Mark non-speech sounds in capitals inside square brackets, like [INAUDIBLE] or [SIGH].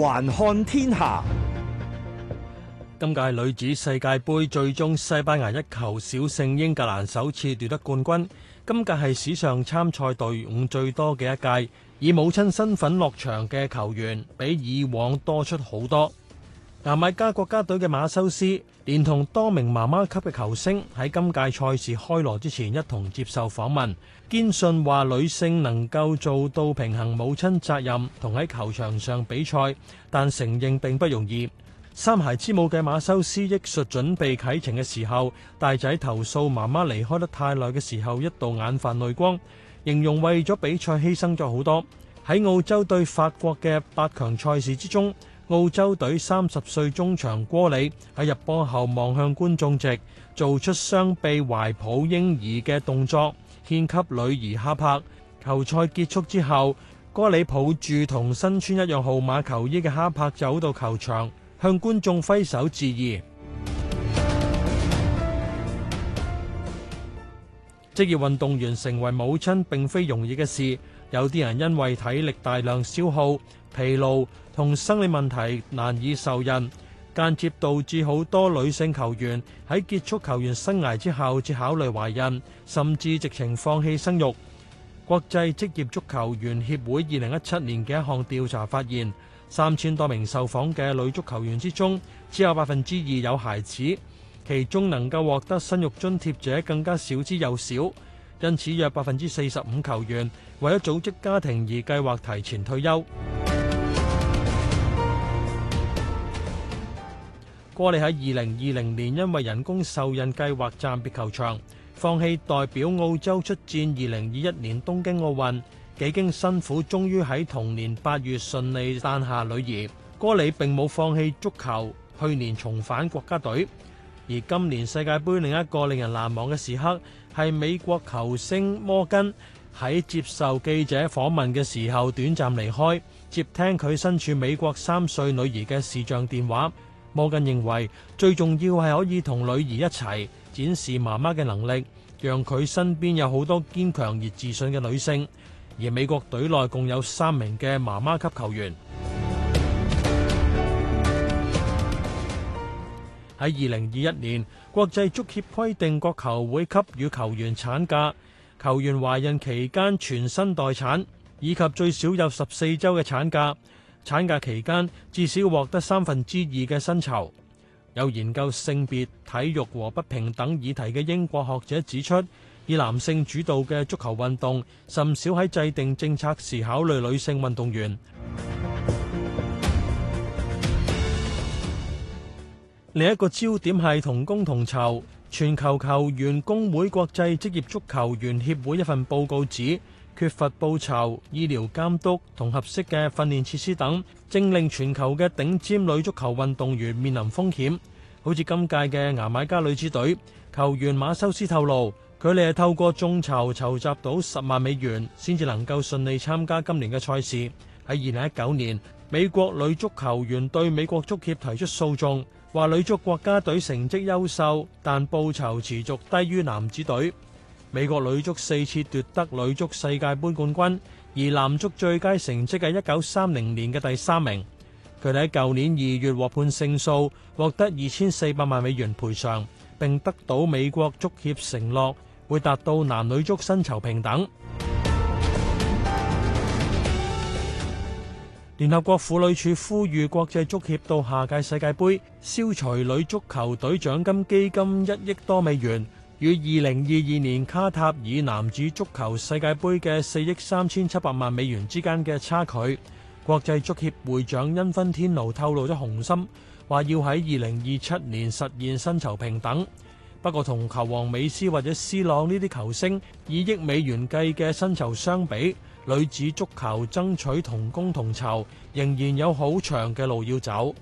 環看天下，今屆女子世界杯最終西班牙一球小勝英格蘭，首次奪得冠軍。今屆係史上參賽隊伍最多嘅一屆，以母親身份落場嘅球員比以往多出好多。牙買加國家隊嘅馬修斯連同多名媽媽級嘅球星喺今屆賽事開鑼之前一同接受訪問，堅信話女性能夠做到平衡母親責任同喺球場上比賽，但承認並不容易。三孩之母嘅馬修斯憶述準備啟程嘅時候，大仔投訴媽媽離開得太耐嘅時候一度眼泛淚光，形容為咗比賽犧牲咗好多。喺澳洲對法國嘅八強賽事之中，澳洲隊三十歲中場戈里喺入波後望向觀眾席，做出雙臂懷抱嬰兒嘅動作，獻給女兒哈柏。球賽結束之後，戈里抱住同身穿一樣號碼球衣嘅哈柏，走到球場向觀眾揮手致意。職 [MUSIC] 業運動員成為母親，並非容易嘅事。有啲人因為體力大量消耗、疲勞同生理問題難以受孕，間接導致好多女性球員喺結束球員生涯之後至考慮懷孕，甚至直情放棄生育。國際職業足球員協會二零一七年嘅一項調查發現，三千多名受訪嘅女足球員之中，只有百分之二有孩子，其中能夠獲得生育津貼者更加少之又少。因此，約百分之四十五球員為咗組織家庭而計劃提前退休。戈里喺二零二零年因為人工受孕計劃暫別球場，放棄代表澳洲出戰二零二一年東京奧運。幾經辛苦，終於喺同年八月順利誕下女兒。戈里並冇放棄足球，去年重返國家隊。而今年世界盃另一個令人難忘嘅時刻，係美國球星摩根喺接受記者訪問嘅時候，短暫離開接聽佢身處美國三歲女兒嘅視像電話，摩根認為最重要係可以同女兒一齊展示媽媽嘅能力，讓佢身邊有好多堅強而自信嘅女性。而美國隊內共有三名嘅媽媽級球員。喺二零二一年，國際足協規定各球會給予球員產假，球員懷孕期間全薪待產，以及最少有十四周嘅產假。產假期間至少獲得三分之二嘅薪酬。有研究性別、體育和不平等議題嘅英國學者指出，以男性主導嘅足球運動，甚少喺制定政策時考慮女性運動員。另一個焦點係同工同酬。全球球員工會國際職業足球員協會一份報告指，缺乏報酬、醫療監督同合適嘅訓練設施等，正令全球嘅頂尖女足球運動員面臨風險。好似今屆嘅牙買加女子隊，球員馬修斯透露，佢哋係透過眾籌籌集到十萬美元，先至能夠順利參加今年嘅賽事。喺二零一九年，美國女足球員對美國足協提出訴訟。話女足國家隊成績優秀，但報酬持續低於男子隊。美國女足四次奪得女足世界杯冠軍，而男足最佳成績係一九三零年嘅第三名。佢哋喺舊年二月獲判勝訴，獲得二千四百萬美元賠償，並得到美國足協承諾，會達到男女足薪酬平等。聯合國婦女處呼籲國際足協到下屆世界盃消除女足球隊獎金基金一億多美元，與二零二二年卡塔爾男子足球世界盃嘅四億三千七百萬美元之間嘅差距。國際足協會長恩芬天奴透露咗雄心，話要喺二零二七年實現薪酬平等。不過，同球王美斯或者斯朗呢啲球星以億美元計嘅薪酬相比，女子足球爭取同工同酬，仍然有好長嘅路要走。